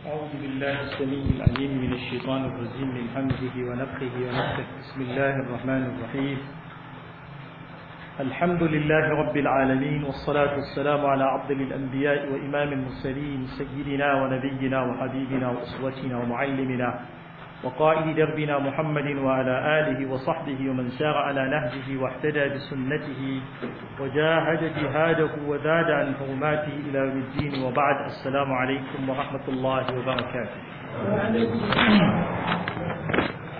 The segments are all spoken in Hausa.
أعوذ بالله السميع العليم من الشيطان الرجيم من حمده ونقه ونفخه بسم الله الرحمن الرحيم الحمد لله رب العالمين والصلاة والسلام على عبد الأنبياء وإمام المرسلين سيدنا ونبينا وحبيبنا وأسوتنا ومعلمنا وقائد دربنا محمد وعلى آله وصحبه ومن سار على نهجه واحتدى بسنته وجاهد جهاده وزاد عن حرماته إلى يوم الدين وبعد السلام عليكم ورحمة الله وبركاته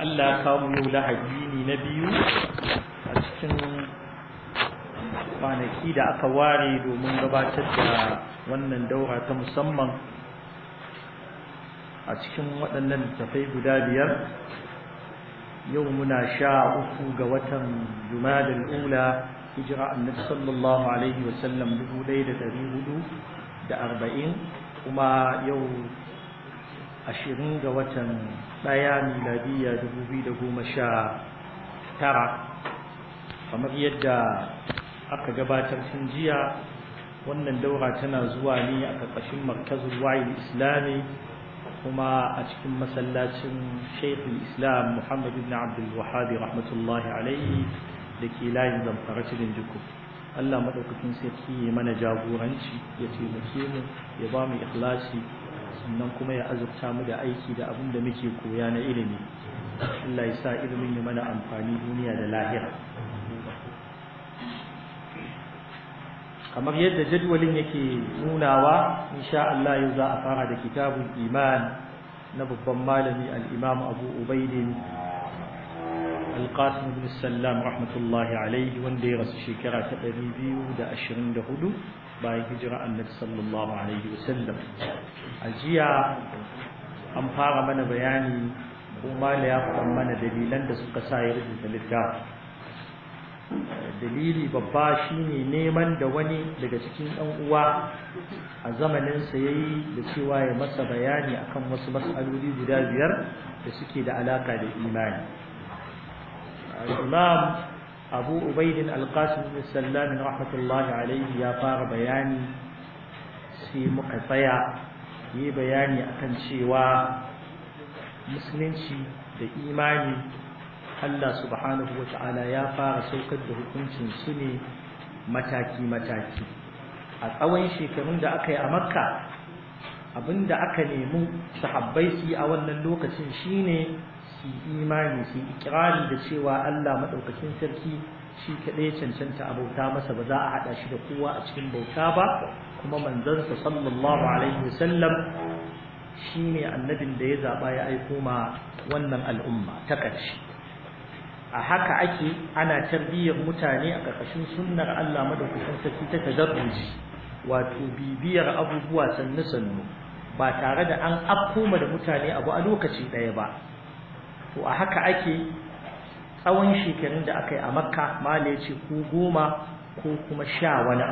ألا kawo لها ne na biyu a cikin kwanaki da aka ware وانا gabatar da a cikin waɗannan littafai guda biyar yau muna sha uku ga watan jumadal ula hijira annabi sallallahu alaihi wasallam dubu ɗaya da ɗari hudu da arba'in kuma yau ashirin ga watan ɗaya miladiya dubu biyu da goma sha tara kamar yadda aka gabatar tun jiya wannan daura tana zuwa ne a ƙarƙashin markazin wayin islami kuma a cikin masallacin shaikhul islam muhammad ibn abdul rahmatullahi alaihi da ke layin zamfara cikin jiku allah maɗaukakin sarki ya mana jagoranci ya taimake mu ya ba mu ikhlasi sannan kuma ya azurta mu da aiki da abin da muke koya na ilimi Allah ya sa ilimin ya mana amfani duniya da lahira kamar yadda jadwalin yake nunawa insha Allah yau za a fara da kitabul iman na babban malami al-imam Abu Ubaid al-Qasim ibn Sallam rahmatullahi alayhi wanda ya rasu shekara ta 224 bayan hijira Annabi sallallahu alaihi wasallam ajiya an fara mana bayani ko mala ya faɗa mana dalilan da suka sa ya rubuta littafin dalili babba shi ne neman da wani daga cikin ɗan uwa a zamaninsa ya yi da cewa ya masa bayani akan wasu mas'aloli guda biyar da suke da alaka da imani imam abu ubaidin alkasim bin rahmatullahi alaihi ya fara bayani sai muka tsaya yi bayani akan cewa musulunci da imani Allah subhanahu wa ta'ala ya fara saukar da hukuncin su ne mataki-mataki a tsawon shekarun da aka yi a makka abinda aka nemi sahabbai su yi a wannan lokacin shine su imani su ikirari da cewa Allah maɗaukakin sarki shi kaɗai cancanta a bauta masa ba za a haɗa shi da kowa a cikin bauta ba kuma manzansa sallallahu alaihi wasallam shine annabin da ya zaɓa ya aiko ma wannan al'umma ta ƙarshe a haka ake ana tarbiyyar mutane a ƙarƙashin sunnar Allah madaukakin sarki ta tazarruci wato bibiyar abubuwa sannu sannu ba tare da an afkoma da mutane abu a lokaci ɗaya ba to a haka ake tsawon shekarun da aka yi a makka mala ce ko goma ko kuma sha wani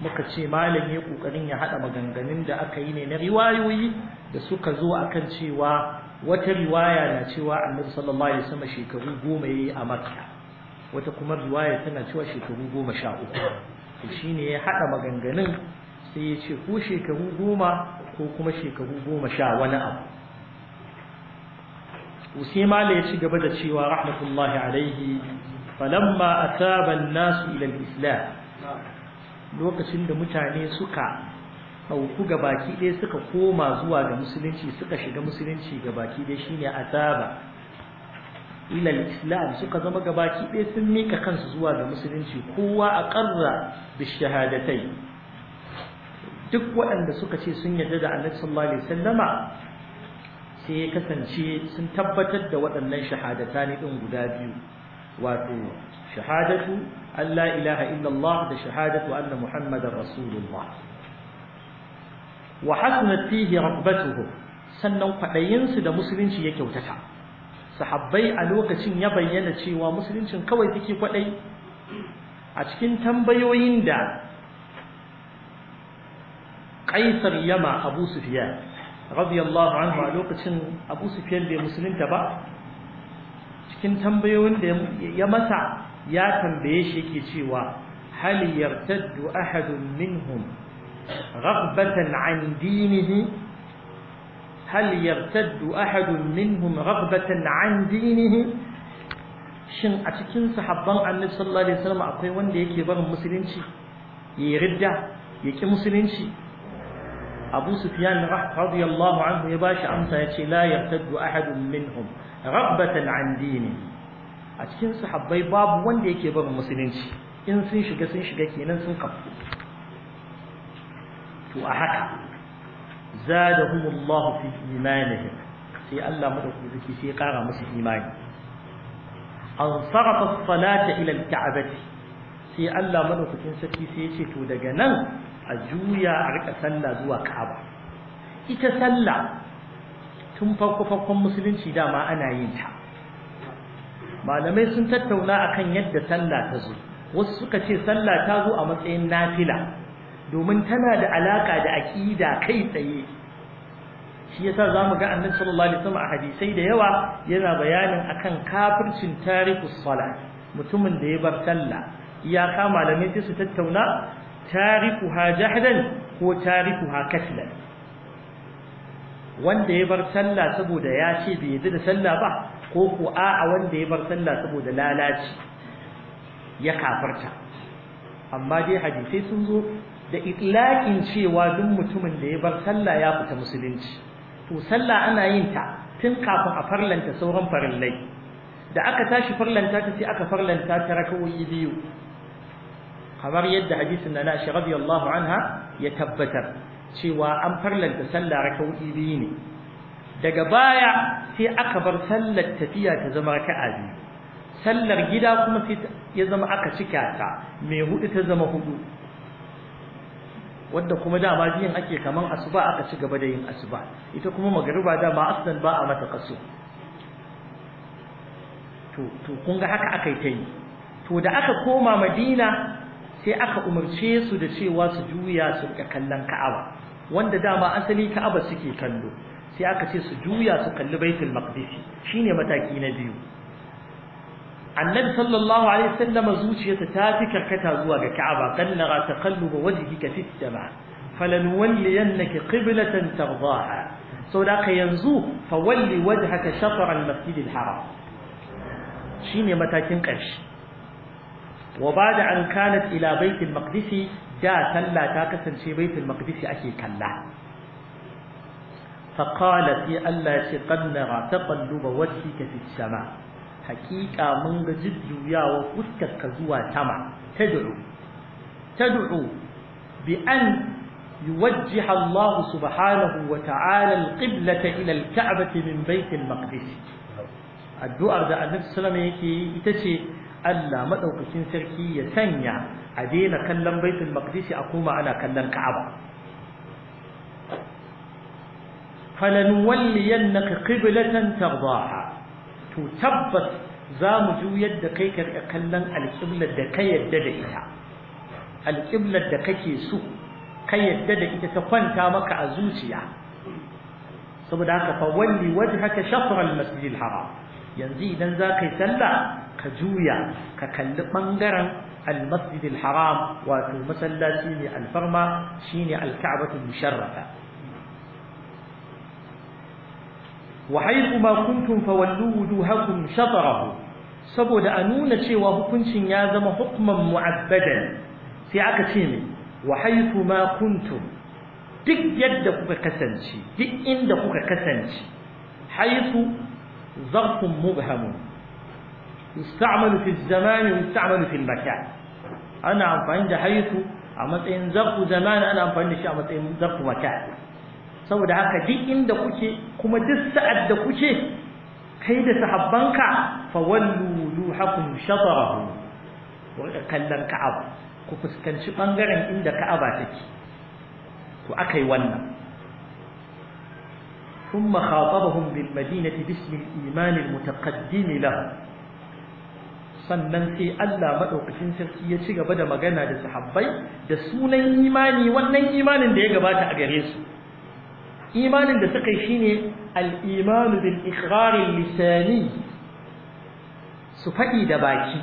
muka ce malam ya ƙoƙarin ya haɗa maganganun da aka yi ne na riwayoyi da suka zo akan cewa wata riwaya na cewa annabi sallallahu alaihi wasallam shekaru goma yayi a makka wata kuma riwaya tana cewa shekaru goma sha uku to shine ya hada maganganun sai ya ce ko shekaru goma ko kuma shekaru goma sha wani abu وسيما ليش قبل شيوا رحمة alaihi عليه فلما أتاب nasu إلى Islam lokacin da mutane suka. ga gabaki ɗaya suka koma zuwa ga musulunci suka shiga musulunci gabaki ɗaya shine asaba. ila islam suka zama gabaki ɗaya sun mika kansu zuwa ga musulunci kowa a ƙarra da shahadatai duk waɗanda suka ce sun yarda da annabi sallallahu alaihi wasallama sai ya kasance sun tabbatar da waɗannan shahadata ne ɗin guda biyu wato shahadatu Allah ilaha illallah da shahadatu anna muhammadar rasulullah wa hasnat fihi raqbatuhu sannan kwaɗayinsu da musulunci ya kyautata sahabbai a lokacin ya bayyana cewa musuluncin kawai take kwaɗai a cikin tambayoyin da kaisar yama abu sufiyan radiyallahu anhu a lokacin abu sufiyan bai musulunta ba cikin tambayoyin da ya masa ya tambaye shi yake cewa hal yartaddu ahadun minhum رغبة عن دينه هل يرتد أحد منهم رغبة عن دينه shin a cikin sahabban annabi sallallahu alaihi wasallam akwai wanda yake barin musulunci ya ridda ya ki musulunci Abu Sufyan radiyallahu anhu ya bashi amsa ya ce la yartaddu ahadun minhum rabbatan an dini a cikin sahabbai babu wanda yake barin musulunci in sun shiga sun shiga kenan sun to a haka zadahumullahu fi imanihim sai Allah madaukaki sai ya kara musu imani an sarafa salata ila alka'bati sai Allah madaukakin sarki sai ya ce to daga nan a juya a rika sallah zuwa Ka'aba ita sallah tun farko farkon musulunci dama ana yin ta malamai sun tattauna akan yadda sallah ta zo wasu suka ce sallah ta zo a matsayin nafila domin tana da alaka da aqida kai tsaye shi yasa zamu ga annabi sallallahu alaihi wasallam a hadisai da yawa yana bayanin akan kafircin tarikus salat mutumin da ya bar sallah iyaka malamai sai su tattauna ha jahdan ko ha kaslan wanda ya bar sallah saboda ya ce bai yarda da sallah ba ko ko a wanda ya bar sallah saboda lalaci ya kafarta amma dai hadisai sun zo da itlaƙin cewa duk mutumin da ya bar sallah ya fita musulunci to sallah ana yin ta tun kafin a farlanta sauran farillai da aka tashi farlanta ta sai aka farlanta ta rakawoyi biyu kamar yadda hadisin na Aisha radiyallahu anha ya tabbatar cewa an farlanta sallah rakawoyi biyu ne daga baya sai aka bar sallar tafiya ta zama raka'a biyu sallar gida kuma sai ya zama aka cika ta mai hudu ta zama hudu wadda kuma dama biyan ake kaman asuba aka ci gaba da yin asuba ita kuma magariba dama aslan ba a mata kaso to to kun ga haka aka yi ta yi to da aka koma madina sai aka umarce su da cewa su juya su ga kallon ka'aba wanda dama asali ka'aba suke kallo sai aka ce su juya su kalli baitul maqdisi shine mataki na biyu عن النبي صلى الله عليه وسلم زوج زوجي تتاتك كتازوا كعبا قنغ تقلب وجهك في السماء فلنولينك قبلة ترضاها سوداك ينزو فولي وجهك شطر المسجد الحرام شين يمتاكين قرش وبعد أن كانت إلى بيت المقدس جاء سلا تاكسا في بيت المقدس أشي كلا فقالت يا الله تقلب وجهك في السماء haƙiƙa mun ga jujjuyawa fuskar ka zuwa sama tad'u tad'u bi an يوجه الله سبحانه وتعالى القبلة إلى الكعبة من بيت المقدس الدعاء ده النبي صلى الله عليه وسلم يتشي ألا مدوكين سركي يسنع أدينا كلم بيت المقدس أقوم على كلم كعبة فلنولينك قبلة ترضاها to tabbas za mu juyar da kai ka kallon alƙiblar da ka yadda da ita alƙiblar da kake so ka yadda da ita ta kwanta maka a zuciya saboda haka fa walli wajhaka shatr al-masjid al-haram yanzu idan za ka yi sallah ka juya ka kalli bangaren almasjidil al-haram wato masallaci ne alfarma shine al-ka'batu musharrafa وحيث ما كنتم فولوا وجوهكم شطره سبود أنون تشيوا هكنش يازم حكما معبدا في عكتين ما كنتم دك يدك كسنشي دك إندك كسنشي حيث ظرف مبهم يستعمل في الزمان ويستعمل في المكان أنا عم فعند حيث عم تنزق زمان أنا عم فعند شيء عم تنزق مكان saboda haka duk inda kuke kuma duk sa'ad da kuke kai da sahabbanka fa wallu duhakum shatarahu wa kallan ka'aba ku fuskanci bangaren inda ka'aba take to akai wannan ثم خاطبهم بالمدينة باسم الإيمان المتقدم له sannan sai Allah madaukakin sarki ya ci gaba da magana da sahabbai da sunan imani wannan imanin da ya gabata a gare su imanin da suka yi shine al-imanu bil iqrari lisani su faɗi da baki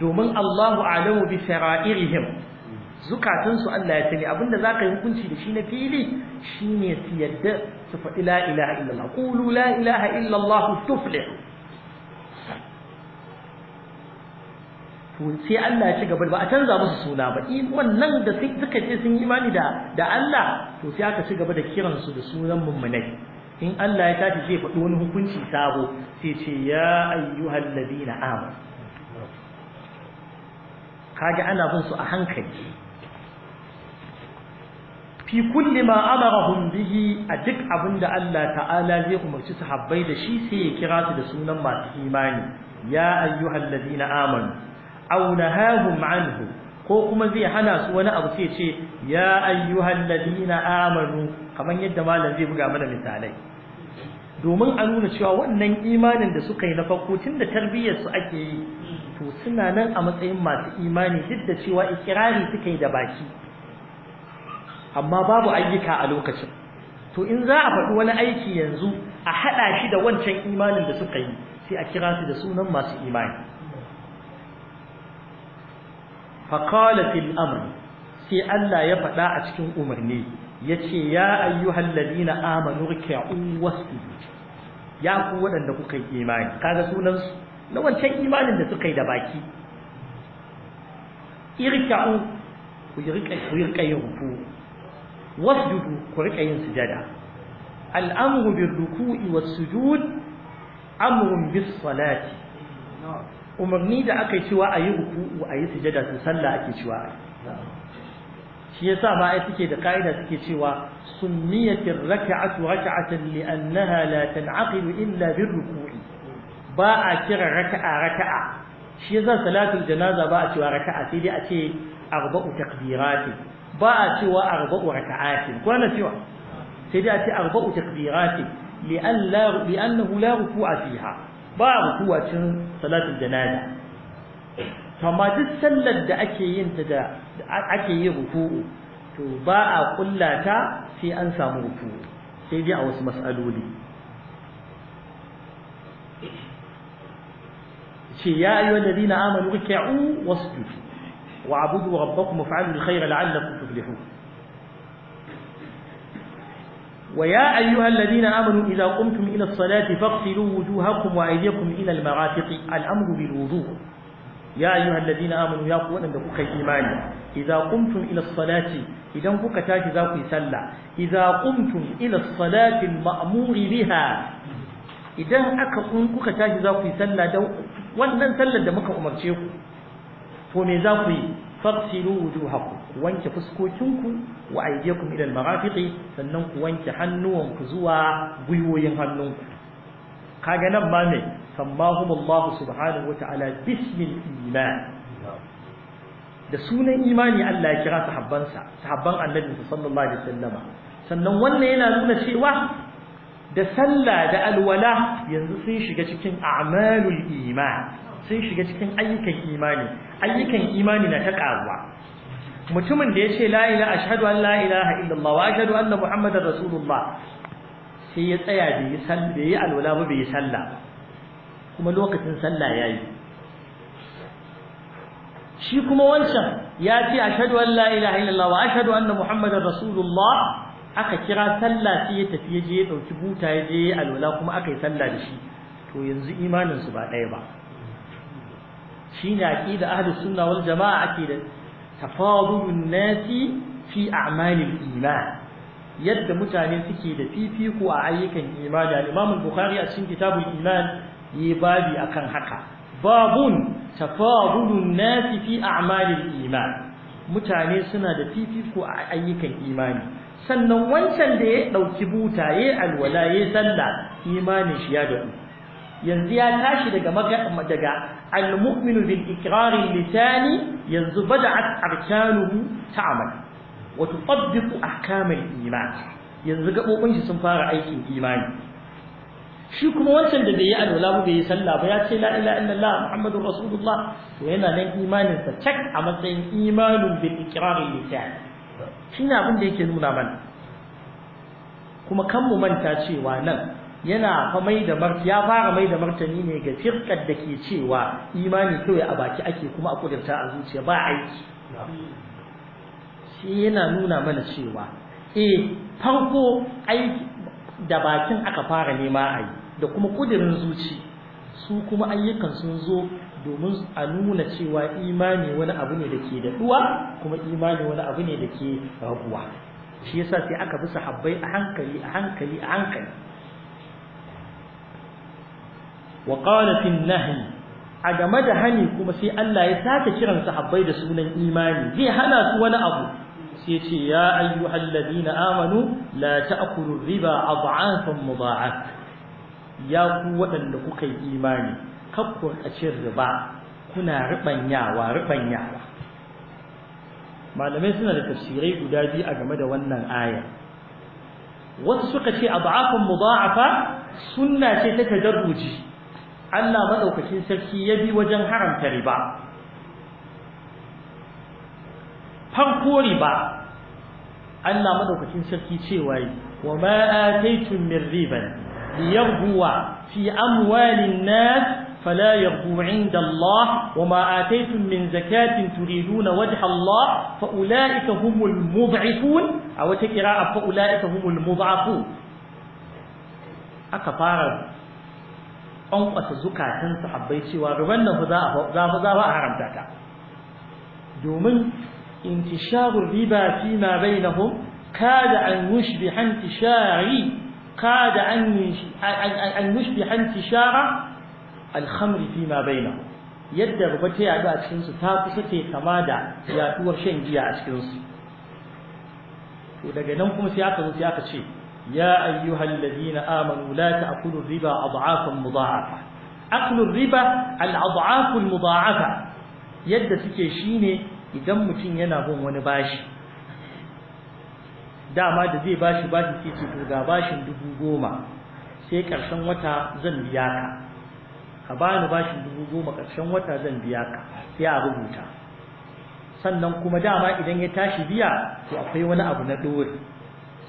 domin Allahu alamu bi sara'irihim zukatunsu Allah ya sani abinda za ka yi hukunci da shi na fili shine su yadda su faɗi la ilaha illallah qulu la ilaha tuflihu sai Allah ya ci gaba ba a canza musu suna ba in wannan da suka ce sun imani da da Allah to sai aka ci gaba da kiransu da sunan mummunai in Allah ya tashi zai faɗi wani hukunci sabo sai ce ya ayyuhal ladina amanu kaga ana bin su a hankali fi kulli ma amarahum bihi a duk abinda Allah ta'ala zai umarci sahabbai da shi sai ya kira su da sunan masu imani ya ayyuhal ladina amanu aw nahahum anhu ko kuma zai hana su wani abu sai ce ya ayyuhal ladina amanu kamar yadda malam zai buga mana misalai domin a nuna cewa wannan imanin da suka yi na farko tun da tarbiyyar su ake yi to suna nan a matsayin masu imani duk da cewa ikirari suka yi da baki amma babu ayyuka a lokacin to in za a faɗi wani aiki yanzu a haɗa shi da wancan imanin da suka yi sai a kira su da sunan masu imani faƙalatin amur sai Allah ya faɗa a cikin umarni ya ce ya ayyu halladi na amur ke'un ya ku waɗanda kuka yi imani kada sunansu na wancan imanin da suka yi da baki irka'u ku irka yin ku wasu ku rika yin sujada al'amurin ruku'i wasu jud amurin bisu salati umarni da aka yi cewa a yi ruku'u a yi sujada to sallah ake cewa a shi ya sa ai suke da ka'ida suke cewa sunniyatir raka'atu raka'atan li'annaha la tan'aqidu illa bir ruku'i ba a kira raka'a raka'a shi ya yasa salatul janaza ba a cewa raka'a sai dai a ce arba'u takbirati ba a cewa arba'u raka'ati ko na cewa sai dai a ce arba'u takbirati li'annahu la ruku'a fiha ba rukuwacin salatul janaza amma duk sallar da ake yin ta da ake yin ruku'u to ba a kullata sai an samu ruku'u sai dai a wasu mas'aloli ce ya ayyuhal ladina amanu ruk'u wasjudu wa'budu rabbakum waf'alul khayra la'allakum tuflihun ويا أيها الذين آمنوا إذا قمتم إلى الصلاة فاغسلوا وجوهكم وأيديكم إلى المرافق الأمر بالوضوء يا أيها الذين آمنوا يا قوانا دقوك إيماني إذا قمتم إلى الصلاة إذا قمتم ذاك يسلع إذا قمتم إلى الصلاة المأمور بها إذا أكون قمتم ذاك يسلع وأن سلع دمك أمرتيكم فمن ذاك فاغسلوا وجوهكم ku wanke fuskokinku wa aydiyakum ila al-marafiqi sannan ku wanke hannuwanku zuwa gwiwoyin hannunku kaga nan ma me sammahum Allah subhanahu wata'ala bismil iman da sunan imani Allah ya kira sahabbansa sahabban annabi sallallahu alaihi wasallama sannan wannan yana nuna cewa da sallah da alwala yanzu sun shiga cikin a'malul iman sun shiga cikin ayyukan imani ayyukan imani na ta karuwa mutumin da ya ce la ila ashhadu an la ilaha illallah wa ashhadu anna muhammadar rasulullah sai ya tsaya bai yi sallah alwala ba bai yi sallah kuma lokacin sallah ya yi, shi kuma wancan ya ce ashhadu an la ilaha illallah wa ashhadu anna muhammadar rasulullah aka kira sallah sai ya tafi ya je ya dauki buta ya je alwala kuma aka yi sallah da shi to yanzu imaninsu ba ɗaya ba shine aqida ahlus sunna wal jamaa ake da. tafadulun nasi fi a'malil iman yadda mutane suke da fifiko a ayyukan imani al-Imam Bukhari a cikin kitabul iman yi babi akan haka babun tafadulun nasi fi a'malil iman mutane suna da fifiko a ayyukan imani sannan wancan da ya dauki butaye alwala ya sallah imanin shi ya daɗu yanzu ya tashi daga daga al-mu'minu bil iqrari lisani yanzu bada'at arkanuhu ta'mal wa tutabbiqu ahkam al-iman yanzu gabobin shi sun fara aikin imani shi kuma wancan da bai yi alwala ba bai yi sallah ba ya ce la ilaha illallah muhammadur rasulullah to yana nan imanin sa cak a matsayin imanun bil iqrari lisani shine abin da yake nuna mana kuma kan mu manta cewa nan yana fa mai da ya fara mai da martani ne ga firkar da ke cewa imani kawai a baki ake kuma a kudurta a zuciya ba aiki shi yana nuna mana cewa eh farko aiki da bakin aka fara nema a yi da kuma kudirin zuci su kuma ayyukan sun zo domin a nuna cewa imani wani abu ne da ke daɗuwa kuma imani wani abu ne da ke raguwa shi yasa sai aka bi sahabbai a hankali a hankali a hankali wa qala fi nahyi a game da hani kuma sai Allah ya sake kiran sahabbai da sunan imani zai hana su wani abu sai ya ce ya ayyuhal ladina amanu la ta'kulu riba ad'afan mudha'af ya ku waɗanda kuka yi imani kakku a cin riba kuna ribanyawa ribanyawa malamai suna da tafsirai guda biyu a game da wannan aya wasu suka ce ad'afan mudha'afa sunna ce ta tadarruji Allah maɗaukacin sarki ya bi wajen haramta riba. Fanko riba, Allah maɗaukacin sarki cewa wa ma’a taitun min riba? liyar guwa fi amwalin na fala ya guwain da Allah, wa ma’a taitun min zakatin turidu na wajen Allah, fa’ula ita humul mubarifun, a wata ƙira a fa’ula ita humul mubarifun. Aka fara kwankwasa zukatan sahabbai cewa ruban nan za a za a haramta ta domin intisharur riba fi ma bainahum kada an yushbiha intishari kada an an yushbiha intishara al-khamr fi ma bainahum yadda ruba ta yadu a cikin su ta kusa ke kama da yaduwar shan giya a cikin su to daga nan kuma sai aka zo sai aka ce يا أيها الذين آمنوا لا تأكلوا الربا أضعافا مضاعفة أكل الربا الأضعاف المضاعفة يد shi ne idan mutum yana bin wani bashi dama da zai bashi bashi sai ce to ga bashin dubu goma sai ƙarshen wata zan biya ka ka bani bashin dubu goma ƙarshen wata zan biya ka a rubuta sannan kuma dama idan ya tashi biya to akwai wani abu na ɗore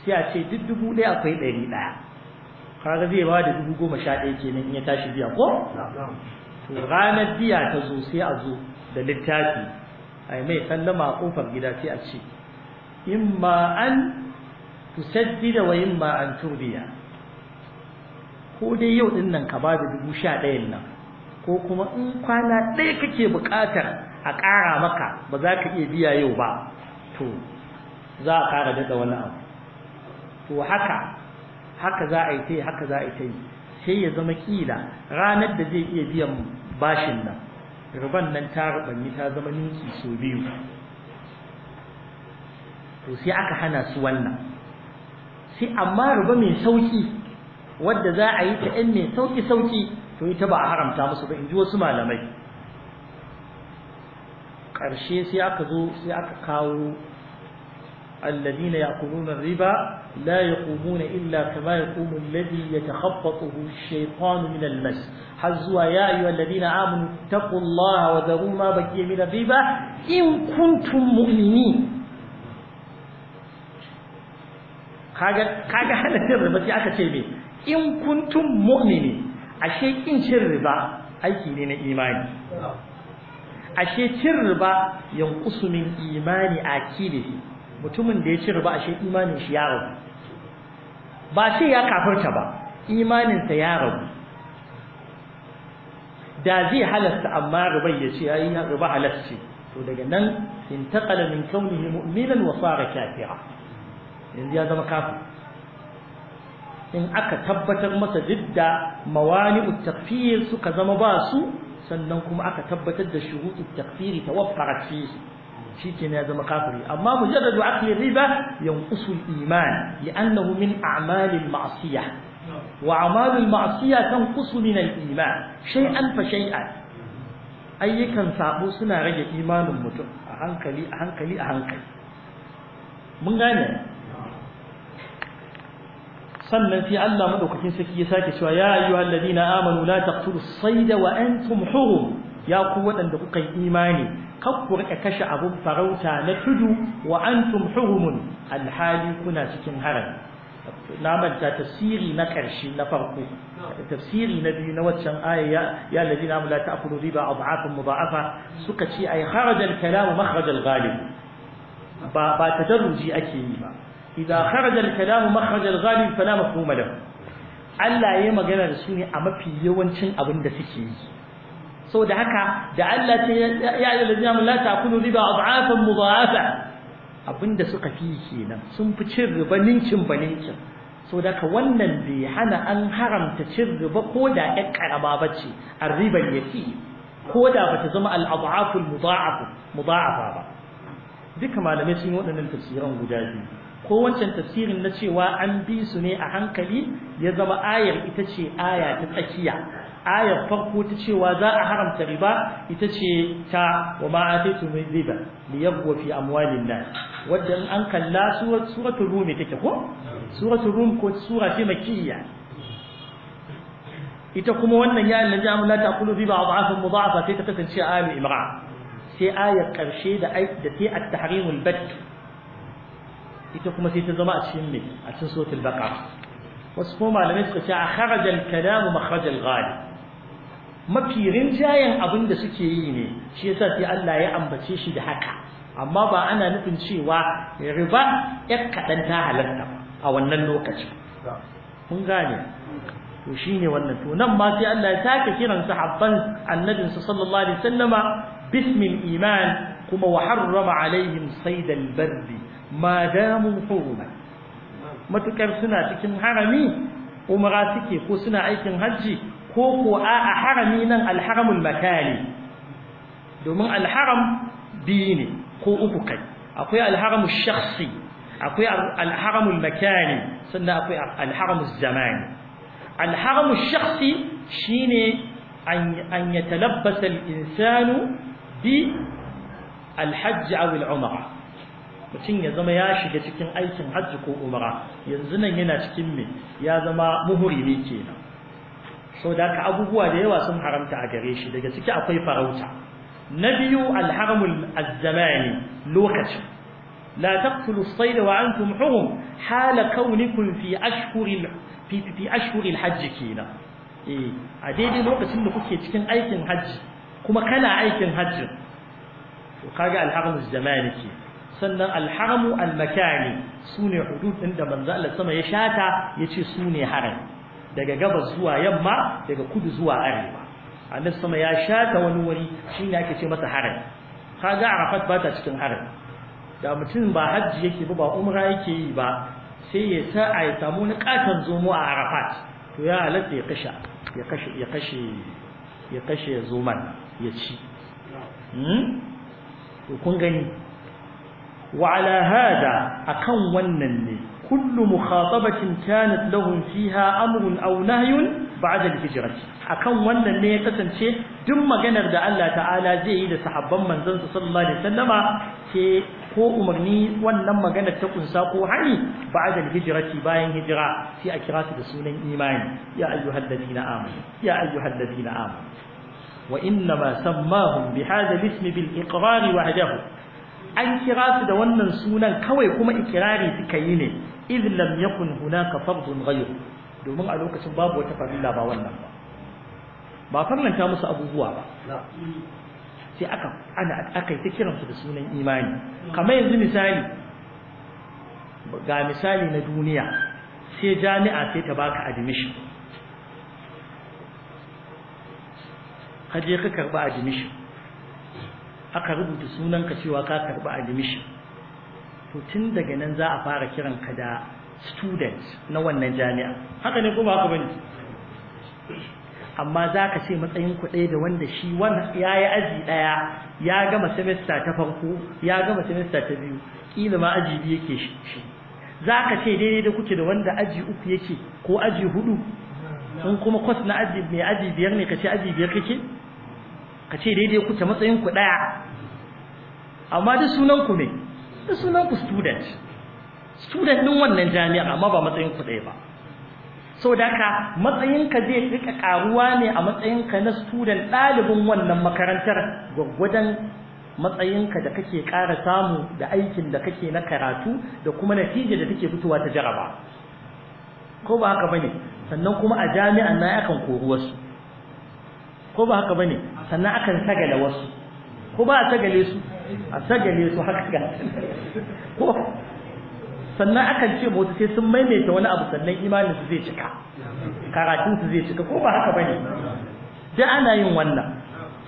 sai a ce duk dubu ɗaya akwai ɗari ɗaya kaga zai ba da dubu goma sha ɗaya kenan in ya tashi biya ko to ranar biya ta zo sai a zo da littafi a yi mai sallama a kofar gida sai a ce ma an da wa ma an turbiya ko dai yau din nan ka ba da dubu sha ɗayan nan ko kuma in kwana ɗaya kake buƙatar a ƙara maka ba za ka iya biya yau ba to za a ƙara daɗa wani abu to haka haka za a yi ta haka za a yi ta yi sai ya zama kila ranar da zai iya biyan bashin nan riban nan ta rubanni ta zama ninki so biyu to sai aka hana su wannan sai amma riba mai sauki wadda za a yi ta ɗan mai sauki sauki to ita ba a haramta musu ba in ji wasu malamai ƙarshe sai aka zo sai aka kawo الذين يأكلون الربا لا يقومون إلا كما يقوم الذي يتخبطه الشيطان من المس حزوا يا أيها الذين آمنوا اتقوا الله وذروا ما بقي من الربا إن كنتم مؤمنين kaga hana cin riba sai aka ce me in kuntum mu'mini ashe kin cin riba aiki ne na imani ashe cin riba yanqusu min imani akidi mutumin da ya ci riba ashe imanin shi ya rabu ba sai ya kafirta ba imaninsa ya rabu da zai halasta amma riba ya ce yayi riba halasta to daga nan intaqala min kaunihi mu'minan wa sara kafira yanzu ya zama kafir in aka tabbatar masa didda mawani'ut takfir suka zama ba su sannan kuma aka tabbatar da shuruɗin takfiri tawaffarat fihi shi ya zama kafiri amma mujaddadu aqli riba yanqusu al-iman li'annahu min a'mali al-ma'siyah wa a'malu al-ma'siyah tanqusu min al-iman shay'an fa shay'an ayyukan sabo suna rage imanin mutum a hankali a hankali a hankali mun gane sannan sai Allah madaukakin saki ya sake cewa ya ayyuhal amanu la taqtulus sayda wa antum hurum ya ku waɗanda kuka yi imani kar ku kashe abun farauta na tudu wa antum hurumun alhali kuna cikin haram na manta tafsiri na karshe na farko tafsiri na biyu na waccan aya ya ladina amanu ta ta'kulu riba adhafan mudha'afa suka ce ay kharaja al-kalamu makhraj al ba ta tadarruji ake yi ba idan kharaja al-kalamu makhraj al-ghalib fala mafhuma lahu Allah ya magana da su ne a mafi yawancin abin da suke yi saboda haka da Allah ce ya ayyuhal ladina la ta'kulu riba ad'afan mudha'afa abinda suka fi kenan sun fi cin riba ninkin baninkin saboda haka wannan bai hana an haramta cin riba ko da ƴan karama bace arriba yafi ko da bata zama al-ad'aful mudha'afa ba duka malamai sun yi waɗannan tafsiran guda biyu ko wancan tafsirin na cewa an bi su ne a hankali ya zama ayar ita ce aya ta tsakiya ayar farko ta cewa za a haramta riba ita ce ta wa ma ataitu min riba li yabwa fi amwalin nas wadda in an kalla suratul rum take ko suratul rum ko sura ce makiyya ita kuma wannan ya allazi amla ta qulu riba adhafan mudha'afa sai ta kasance ayar imra sai ayar karshe da ai da sai at-tahrimul batt ita kuma sai ta zama a cikin me a cikin suratul baqara wasu kuma malamai suka ce a kharaja al-kalamu makhraj ghalib mafi rinjayen abin da suke yi ne shi yasa sai Allah ya ambace shi da haka amma ba ana nufin cewa riba ya kaɗan ta halarta a wannan lokaci Mun gane to shine wannan to nan ma sai Allah ya sake kiran sahabban annabin sa sallallahu alaihi wasallama bismil iman kuma wa harrama alaihim saydal barri ma damu hurma matukar suna cikin harami umra suke ko suna aikin hajji ko ko a a harami nan alharamul makani domin alharam biyu ne ko uku kai akwai alharamul shakhsi akwai alharamul makani sannan akwai alharamul zamani alharamul shakhsi shine an yatalabbasa al-insanu bi alhajji aw al mutum ya zama ya shiga cikin aikin hajji ko umara yanzu nan yana cikin me ya zama muhurimi kenan sau da aka abubuwa da yawa sun haramta a gare shi daga ciki akwai farauta na biyu alharamul azzamani lokacin, la taqtulu as-sayda wa antum hurum hala kaunikum fi ashhuril fi fi ashhuril hajj kina eh a daidai lokacin da kuke cikin aikin hajji kuma kana aikin hajji to kaga alharamul zamani ke sannan alharamu almakani sune hudud din da manzo Allah sama ya shata yace sune haram. daga gabas zuwa yamma daga kudu zuwa arewa annab sama ya shata wani wuri shine ake ce masa haram kaga arafat ba ta cikin haram da mutum ba hajji yake ba ba umra yake yi ba sai ya sa a ya samu wani katon zomo a arafat to ya halatta ya kashe ya kashe ya kashe ya kashe zoman ya ci hmm? to kun gani wa ala hada akan wannan ne kullu mukhatabatin kanat lahum fiha amrun aw nahyun ba'da al-hijrah akan wannan ne ya kasance duk maganar da Allah ta'ala zai yi da sahabban manzansa sa sallallahu alaihi wasallama ce ko umarni wannan maganar ta kunsa ko hani ba'da al-hijrah bayan hijira sai a kira su da sunan imani ya ayyuhalladhina amanu ya ayyuhalladhina amanu wa inna ma sammahum bihadha al-ism bil iqrar wahdahu an kira su da wannan sunan kawai kuma ikirari suka ne إذ لم يكن هناك فرض غيره domin a lokacin babu wata farilla ba wannan ba ba farlanta musu abubuwa ba sai aka ana aka yi ta kiransu da sunan imani kamar yanzu misali ga misali na duniya sai jami'a sai ta baka admission ka je ka karba admission aka rubuta sunanka cewa ka karba admission to tun daga nan za a fara kiran ka da student na wannan jami'a haka ne kuma haka bane amma za ka ce matsayin ku ɗaya da wanda shi wani ya yi aji ɗaya ya gama semester ta farko ya gama semester ta biyu ƙila ma aji biyu yake shi za ka ce daidai da kuke da wanda aji uku yake ko aji hudu in kuma kwas na aji mai aji biyar ne ka ce aji biyar kake ka ce daidai kuke matsayin ku ɗaya amma duk sunan ku ne da sunan ku student student din wannan jami'a amma ba matsayin ku ɗaya ba saboda haka ka zai rika karuwa ne a matsayin ka na student ɗalibin wannan makarantar gwaggwadon ka da kake ƙara samu da aikin da kake na karatu da kuma natija da take fitowa ta jaraba ko ba haka bane sannan kuma a jami'an na akan koru wasu ko ba haka bane sannan akan sagale wasu ko ba a sagale su a sagale su haka ko sannan akan ce motsi sai sun maimaita wani abu sannan imanin su zai cika karatun su zai cika ko ba haka bane da ana yin wannan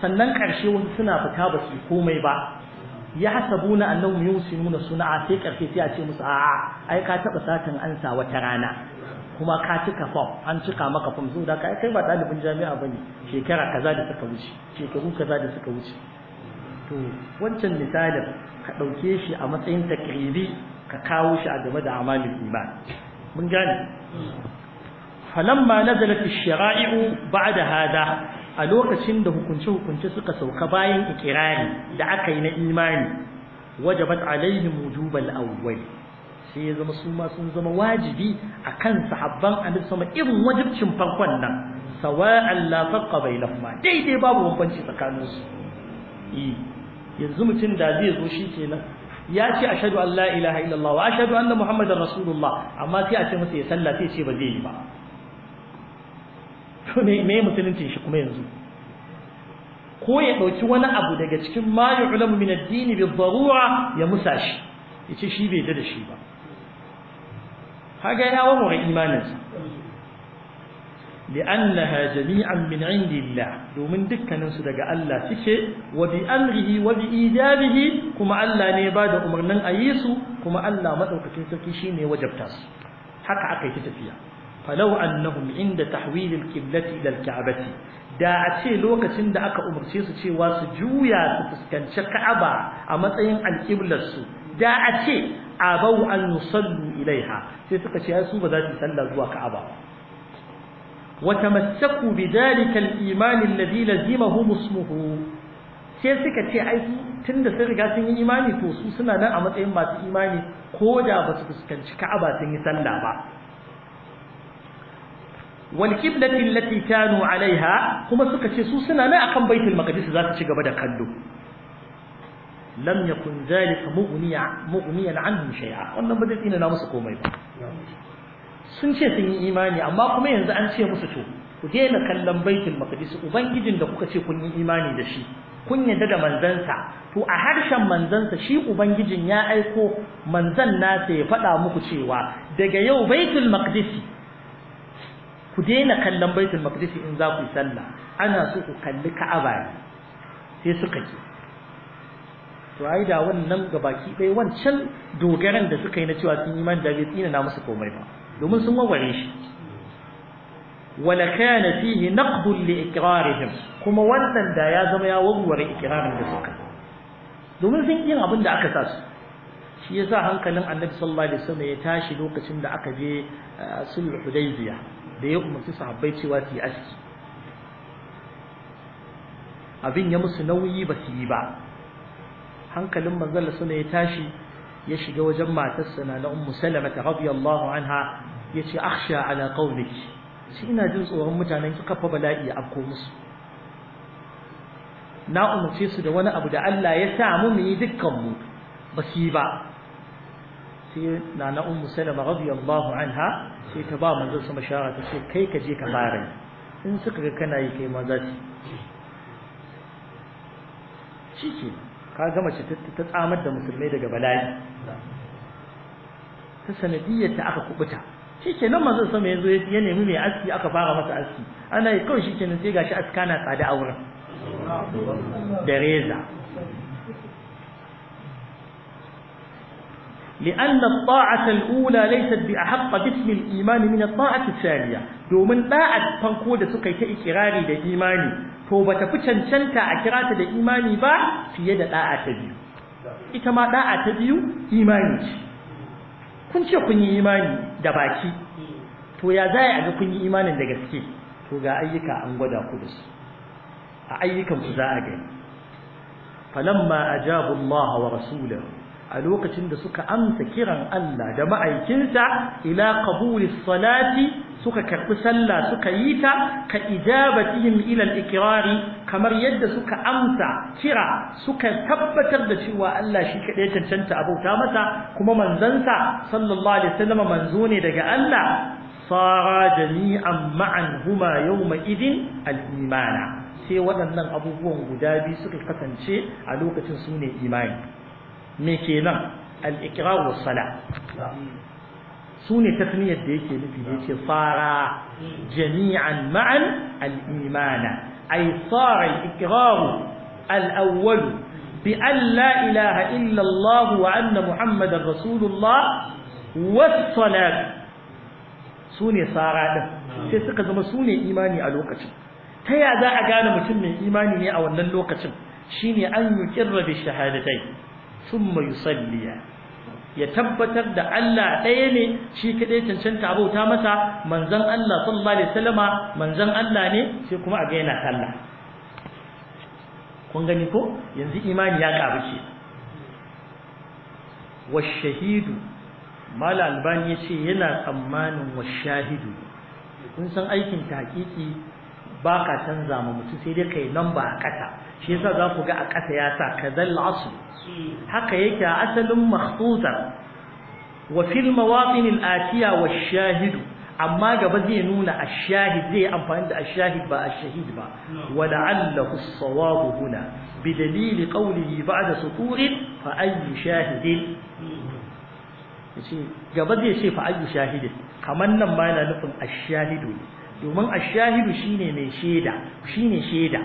sannan karshe wasu suna fita ba su komai ba ya hasabuna nuna yusinuna a sai karshe sai a ce musu a ai ka taba satin ansa wata rana kuma ka cika form an cika maka form saboda kai kai ba dalibin jami'a bane shekara kaza da suka wuce shekaru kaza da suka wuce to wancan misalin ka ɗauke shi a matsayin takribi ka kawo shi a game da amalin iman mun gane falamma nazalat ash-shara'i'u ba'da hada a lokacin da hukunce hukunce suka sauka bayan ikirari da aka yi na imani wajabat alaihim wujubal awwal sai ya zama su ma sun zama wajibi a kan sahabban annabi sama irin wajibcin farkon nan sawa'an la faqqa bainahuma daidai babu bambanci tsakaninsu eh. yanzu mutum da zai zo shi kenan ya ce ashhadu an la ilaha illallah wa ashhadu anna muhammadar rasulullah amma sai a ce masa ya sallah sai ce ba zai yi ba me musulunci shi kuma yanzu ko ya ɗauki wani abu daga cikin ma yu'lamu min ad-din bi ya musa shi ce shi bai da shi ba Haga ya imanin imaninsa لأنها جميعا من عند الله دومن دكانن سو daga Allah tike wa bi amrihi wa bi ijabihi kuma Allah ne bada umarnin a yi su kuma Allah matsaukacin sarki shine wajabta su haka akai ta tafiya Falau annahum inda tahwil alqiblati ila alka'bati da a ce lokacin da aka umarce su cewa su juya su fuskanci Ka'aba a matsayin alqiblar su da a ce abau an yusallu ilaiha sai suka ce su ba za su sallah zuwa Ka'aba وتمسكوا بذلك الإيمان الذي لزمهم اسمه sai suka ce aiki tunda sun riga sun yi imani to su suna nan a matsayin masu imani ko da ba su fuskanci Ka'aba sun yi sallah ba wal qiblati allati kanu alaiha kuma suka ce su suna nan akan baitul maqdis za su ci gaba da kallo lam yakun zalika mughniya mughniyan anhum shay'a wannan ba zai tsina na musu komai ba sun ce sun yi imani amma kuma yanzu an ce musu to ku daina kallon baitul maqdis ubangijin da kuka ce kun yi imani da shi kun yadda da manzansa to a harshen manzansa shi ubangijin ya aiko manzan nasa ya faɗa muku cewa daga yau baitul maqdis ku daina kallon baitul maqdis in za ku yi sallah ana so ku kalli ka'aba ne sai suka ji to ai da wannan gabaki ɗaya wancan dogaran da suka yi na cewa sun yi imani da bai tsina na musu komai ba domin sun warware shi wala kana fihi naqdun li iqrarihim kuma wannan da ya zama ya warware iqrarin da suka domin sun yi abin da aka sa su shi yasa hankalin Annabi sallallahu alaihi wasallam ya tashi lokacin da aka je eh, sulhu Hudaybiya da ya umarci sahabbai cewa su yi aski abin ya musu nauyi ba su yi ba hankalin manzon sallallahu ya tashi ya shiga wajen matarsa na na ummu salama ta radiyallahu anha yace akhsha ala qaumiki shi ina jin tsoron mutanen ki kafa bala'i ya afko musu na umarce su da wani abu da Allah ya sa mu mu yi dukkan mu ba su yi ba sai na na ummu salama radiyallahu anha sai ta ba manzon sama shara ta ce kai ka je ka fara in suka ga kana yi kai ma za shi kaga mace ta tsamar da musulmai daga bala'i ta sanadiyyar ta aka kubuta shikenan masu sama zo ya nemi mai aski aka fara masa aski ana yi kawai shikenan sai gashi aska na tsada a da reza لأن الطاعة الأولى ليست بأحق باسم الإيمان من الطاعة الثانية دومن طاعة فانكو دا سكي تإقراري دا إيماني تو بتفتشن شنتا أكرات دا إيماني با في يد طاعة تبيو إتما طاعة تبيو إيماني kun ce kun yi imani da baki to ya za a ga kun yi imanin da gaske to ga ayyuka an gwada ku da su a ayyukan ku za a gani falamma ajabu Allah wa rasulahu a lokacin da suka amsa kiran Allah da ma'aikinsa ila qabulis salati suka karbi sallah suka yi ta ka ijabatihim ila al-iqrari kamar yadda suka amsa kira suka tabbatar da cewa Allah shi kadai cancanta abauta masa kuma manzansa sallallahu alaihi wasallam manzo ne daga Allah sara jami'an ma'anhuma huma yawma idin al-imana sai waɗannan abubuwan guda biyu suka kasance a lokacin su ne imani ميكينا الإكرار والصلاة سوني تقنية ديكي لكي ديكي صار جميعا معا الإيمان أي صار الإكرار الأول بأن لا إله إلا الله وأن محمد رسول الله والصلاة سوني صار نعم. سيستقدم سوني إيماني الوقت هي تيا ذا أقال مسمي إيماني أو أن الوقت شيني أن يكر بالشهادتين thumma yusalliya ya tabbatar da Allah ɗaya ne shi kaɗai cancanta abauta masa manzon Allah sallallahu alaihi wasallama manzon Allah ne sai kuma a ga yana sallah kun gani ko yanzu imani ya karu ce washahidu mala albani ya ce yana tsammanin washahidu kun san aikin ta ba ka canza ma mutum sai dai kai ba a ƙasa shi yasa za ku ga a ƙasa ya sa kazal asu. haka yake a asalin makhsusar wa fil mawaqin al atiya wa shahid amma gaba zai nuna a shahid zai amfani da a shahid ba a shahid ba wa la'allahu as-sawab huna bi dalili qawlihi ba'da sutur fa ayyu shahidin yace gaba zai ce fa ayyu shahidin Kamar nan ba yana nufin ash-shahidu domin ashahidu shahidu ne mai shaida ne shaida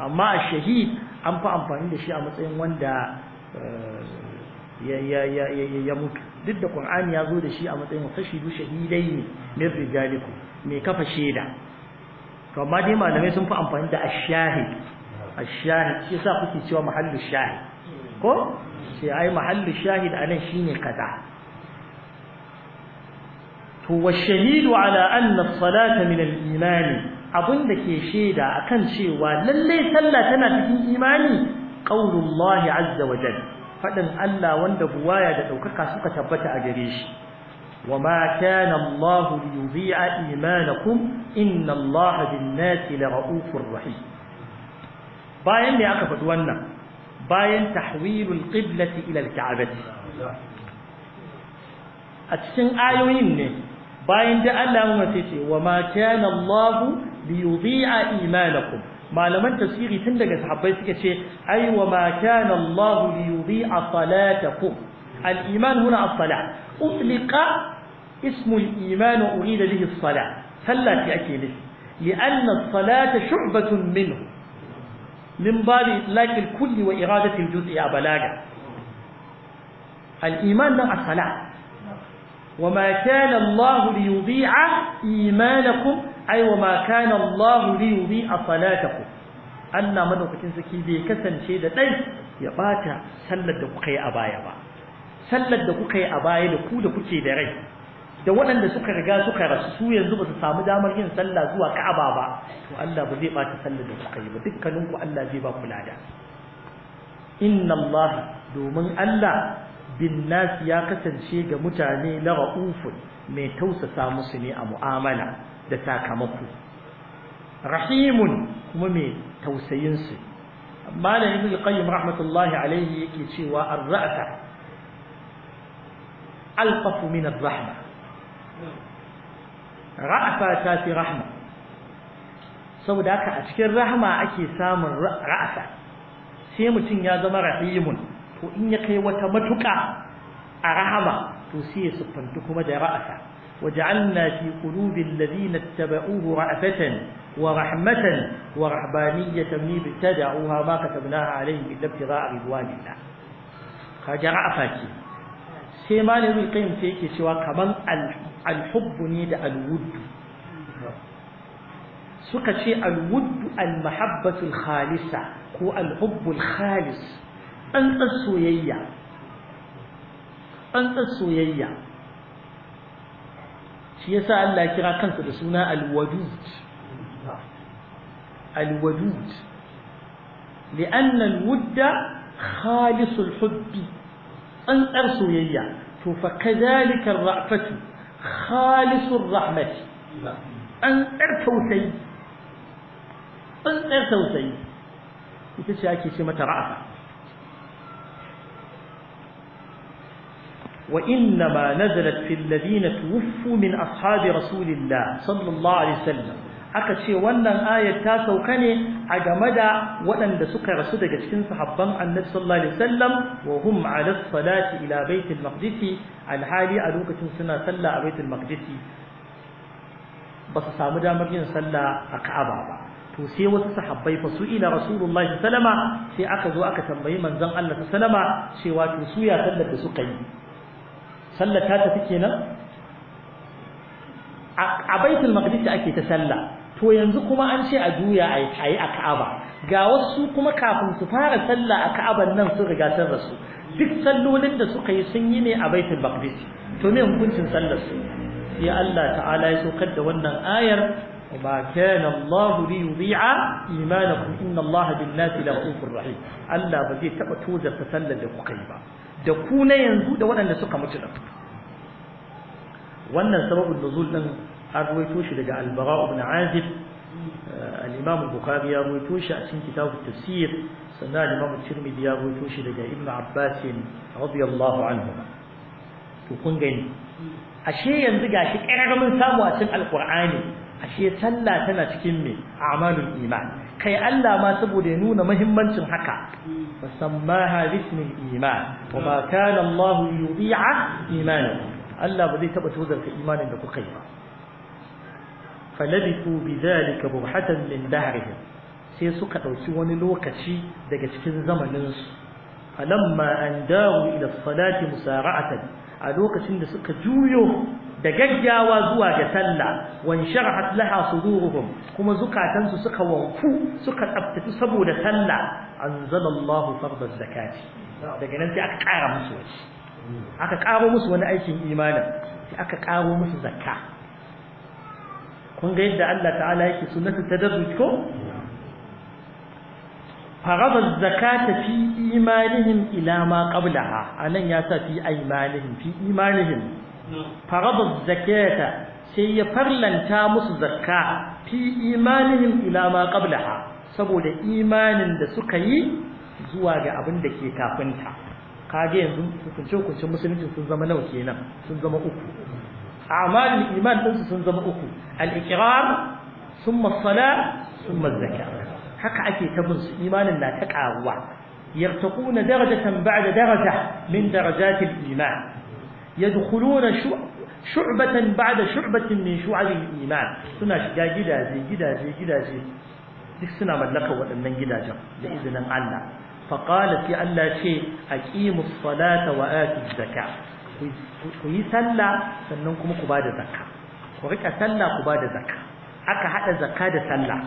amma ashahid shahid an fi amfani da shi a matsayin wanda eh, ya mutu duk da ƙur'ani ya zo da shi a matsayin fashidu shahidai ne mai rijaliku mai kafa shaida kama dai malamai sun fi amfani da ashahid shahid shi sa kuke cewa mahallu shahid ko sai ai mahallu shahid shi ne kaza to wa shahidu ala anna salata min al-iman abun da ke shaida akan cewa lalle sallah tana cikin imani qaulullahi azza wa jalla fadin Allah wanda buwaya da daukaka suka tabbata a gare shi وما كان الله ليضيع إيمانكم إن الله بالناس لرؤوف رحيم bayan ne aka faɗi wannan bayan tahwilul qiblati ila al-ka'bati a cikin ayoyin ne bayan da Allah mu mace ce wa ma kana Allah li yudhi'a imanakum malaman tafsiri tun daga sahabbai suka ce ai wa ma kana Allah li yudhi'a salatakum al-iman huna as-salah utliqa ismu al-iman urida bihi as-salah sallah ce ake nufi لأن الصلاة شعبة منه من باب إطلاق الكل وإرادة الجزء يا بلاغة الإيمان مع الصلاة وما كان a imanaku إيمانكم أي وما كان الله ليضيع صلاتكم Allah madaukakin saki bai kasance da ɗai ya ɓata sallar da kuka yi a baya ba sallar da kuka yi a baya da ku da kuke da rai da waɗanda suka riga suka rasu su yanzu ba su samu damar yin sallah zuwa Ka'aba ba to Allah ba zai ɓata sallar da kuka yi ba dukkaninku Allah zai ba kula da. inna Allah domin Allah bin nas ya kasance ga mutane na raufun mai tausasa musu ne a mu'amala da sakamako rahimun kuma mai tausayin su malam ibnu qayyim rahmatullahi alaihi yake cewa ar-ra'sa alqafu min ar-rahma ra'sa ta fi rahma saboda haka a cikin rahma ake samun ra'sa sai mutum ya zama rahimun ko in ya kai wata matuƙa a rahama to sai ya siffanta kuma da ra'asa waja'alna fi qulubi alladhina ittaba'uhu ra'fatan wa rahmatan wa rahbaniyatan min ibtada'uha ma katabnaha alaihim illa ibtigha'a ridwanillah ja ra'afa ce sai malamin kai sai yake cewa kaman al-hubbu ni da al wudd suka ce al wudd al-mahabbatu al-khalisa ko al-hubbu al-khalis 恩恩苏耶呀，恩恩苏耶呀。شيء سأل الله كرا كانت ترسونا الودود الودود لأن الود خالص الحب أن أرسو فكذلك الرأفة خالص الرحمة أن أرتو سيد أن أرتو سيد يتشاكي سيمة رعفة وإنما نزلت في الذين توفوا من أصحاب رسول الله صلى الله عليه وسلم aka ce wannan ayar ta sauka ne a game da waɗanda suka rasu daga cikin sahabban annabi sallallahu alaihi wasallam wa hum ala salati ila baitul maqdis alhali a lokacin suna sallah a baitul maqdis ba su samu damar yin sallah a ka'aba ba to sai wasu sahabbai fa su ila rasulullahi sallama sai aka zo aka tambayi manzon Allah sallama cewa to su ya sallar da suka yi sallar ta tafi kenan a baitul maqdis ake ta sallah to yanzu kuma an ce a juya a yi a ka'aba ga wasu kuma kafin su fara sallah a ka'aban nan sun riga sun rasu duk sallolin da suka yi sun yi ne a baitul maqdis to me hukuncin sallar su sai Allah ta'ala ya saukar da wannan ayar ma kana Allah li yudhi'a inna Allah bin nasi rahim Allah ba zai taɓa tozarta sallar da kuka yi ba da ku na yanzu da waɗanda suka mutu da wannan sababin nuzul ɗin an ruwaito shi daga Albara, ibn azib eh, al-imam bukhari ya ruwaito shi a cikin kitabu tafsir sannan al-imam tirmidhi ya ruwaito shi daga ibn abbas radiyallahu anhu to kun gani ashe yanzu gashi ƙararramin samu a cikin alqur'ani ashe sallah tana cikin me a'malul iman kai Allah ma saboda ya nuna muhimmancin haka fasammaha bismil iman wa ma kana Allah yudhi'a imanakum Allah ba zai taba tozarta imanin da kuka yi ba falabithu bidhalika burhatan min dahrihim sai suka dauki wani lokaci daga cikin zamanin su falamma an dawo ila salati musara'atan a lokacin da suka juyo da gaggawa zuwa ga sallah wan sharhat laha suduruhum kuma zukatansu suka wanku suka tsaftace, saboda sallah anzalallahu fardaz zakati daga nan sai aka ƙara musu wani aka ƙaro musu wani aikin imanin sai aka ƙaro musu zakka kun ga yadda Allah ta'ala yake sunnatu tadarruj ko فرض fi في إيمانهم إلى ما قبلها ya sa fi أيمانهم fi إيمانهم farada zakata sai ya farlanta musu zakka fi imanihim ila ma qablaha saboda imanin da suka yi zuwa ga abin da ke kafinta kage yanzu hukunce hukuncin musulunci sun zama nawa kenan sun zama uku a'malul iman din sun zama uku al-iqrar thumma as-salat thumma az-zakat haka ake ta bin su imanin na ta karuwa yartaquna darajatan ba'da daraja min darajatil iman yadkhuluna shu'batan ba'da shu'batin min shu'abil iman suna shiga gidaje gidaje gidaje duk suna mallaka waɗannan gidajen da izinin Allah faqala fi Allah ce aqimus salata wa atuz zakat ku yi sallah sannan kuma ku bada zakka ku rika sallah ku bada zakka aka hada zakka da sallah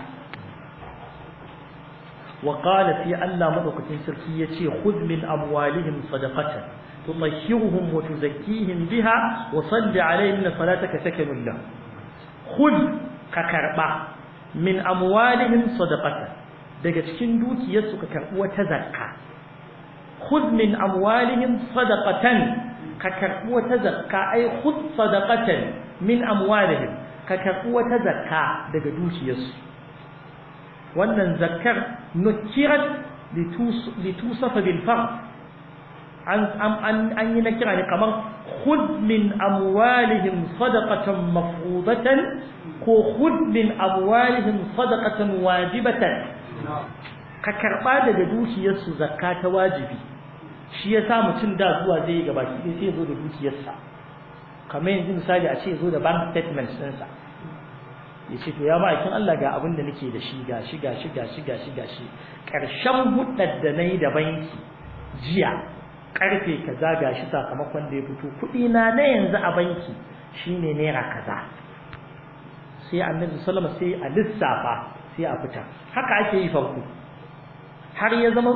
wa Allah madaukakin sarki yace khudh min amwalihim sadaqatan تطهرهم وتزكيهم بها وصل عليهم صلاتك سكن لهم خذ ككربا من أموالهم صدقة daga cikin dukiyarsu ka karɓi wata zakka khudh min amwalihim sadaqatan ka karɓi wata zakka ai khudh sadaqatan min ka karɓi wata zakka daga dukiyarsu wannan zakkar nukirat litus an yi na kira ne kamar khud min amwalihim sadaqatan mafrudatan ko khud min amwalihim sadaqatan wajibatan ka karba daga dukiyarsu zakka ta wajibi shi ya yasa mutum da zuwa zai yi gaba ki sai zo da dukiyarsa kamar yanzu misali a ce zo da bank statement ɗinsa ya ce to ya ma'aikin Allah ga abin da nake da shi ga shi ga shi ga shi ga shi ga shi ƙarshen hudar da na yi da banki jiya karfe kaza gashi sakamakon da ya fito kuɗi na na yanzu a banki shine naira kaza sai annabi sallama sai a lissafa sai a fita haka ake yi farko har ya zama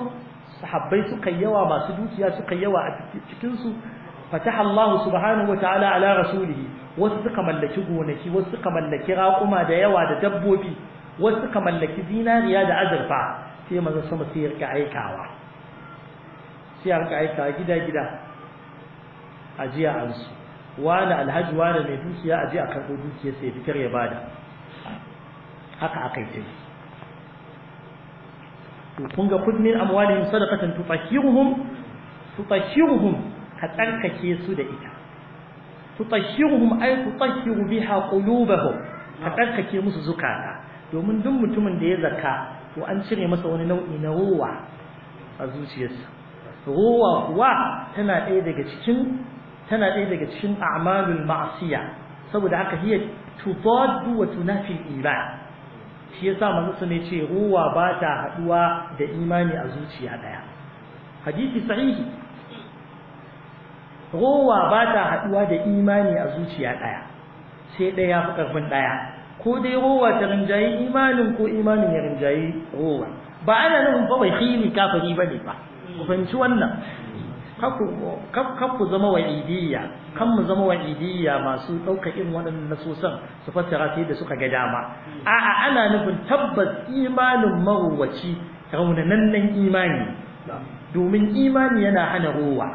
sahabbai suka yawa masu dukiya suka yawa a cikin su fataha Allah subhanahu wataala ala rasulihi wasu suka mallaki gonaki wasu suka mallaki raƙuma da yawa da dabbobi wasu suka mallaki zinariya da azurfa sai manzo sama sai ya aikawa sai a rika aika gida gida a jiya an su wani alhaji wani mai dukiya a jiya karɓo dukiya sai fitar ya bada haka aka yi ta yi to kun ga kudmin amwalihim sadaqatan tutahhiruhum tutahhiruhum ka tsarkake su da ita tutahhiruhum ay tutahhiru biha qulubahum ka tsarkake musu zukata domin duk mutumin da ya zaka to an cire masa wani nau'i na ruwa a zuciyarsa ruwa kuwa tana ɗaya daga cikin tana ɗaya daga cikin a'malul ma'asiya saboda haka hiya tudaddu wa tunafi iman shi yasa manzo ne ce ruwa ba ta haduwa da imani a zuciya daya hadisi sahihi ruwa ba ta haduwa da imani a zuciya daya sai daya fi karfin daya ko dai ruwa ta rinjayi imanin ko imanin ya rinjayi ruwa ba ana nufin ba bai khili kafiri bane ba ku fahimci wannan ku zama wa'idiyya kan mu zama wa'idiyya masu ɗauka irin waɗannan nasosan su fassara sai da suka ga dama a'a ana nufin tabbas imanin maruwaci raunanannen imani domin imani yana hana rowa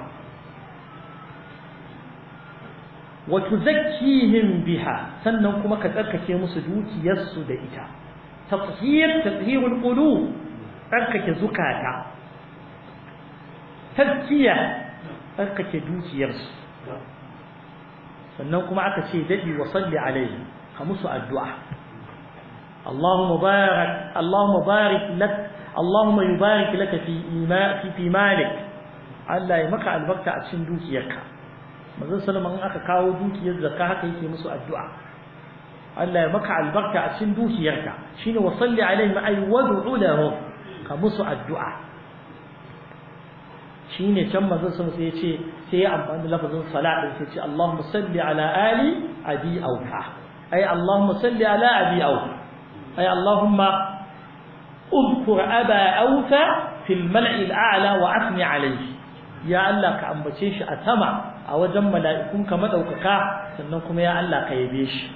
wa tuzakkihim biha sannan kuma ka tsarkake musu dukiyarsu da ita tafhir tafhirul qulub tsarkake zukata تزكية أركت يدوك يرس فإنه معك سيدتي وصلي عليه خمس الدعاء اللهم بارك اللهم بارك لك اللهم يبارك لك في إيماء في, في مالك على مقع الوقت أتشن دوك يكا مثلا سلم أن أخا كاو دوك يزكا كي خمس الدعاء على مقع الوقت أتشن دوك يكا شين وصلي عليه ما أي وضع لهم خمس الدعاء shine can manzon sun sai yace sai ya amfani da lafazin sala din sai ce Allahumma salli ala ali abi auka ay Allahumma salli ala abi auka ay Allahumma udkur aba auka fil mal'i al'ala wa afni alayhi ya Allah ka ambace shi a sama a wajen mala'ikun ka madaukaka sannan kuma ya Allah ka yabe shi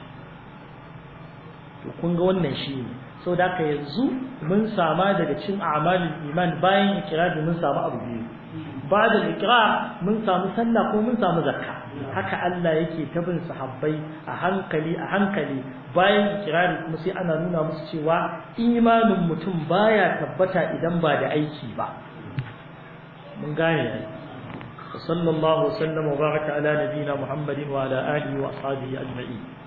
to kun ga wannan shi ne so da ka yanzu mun sama daga cin amalin iman bayan ikirari mun samu abu biyu ba da mun samu sallah ko mun samu zakka haka Allah yake ta bin sahabbai a hankali a hankali bayan ikirari kuma sai ana nuna musu cewa imanin mutum baya tabbata idan ba da aiki ba mun gane ne sallallahu alaihi wa sallam wa baraka ala nabina muhammadin wa ala alihi wa ashabihi ajma'in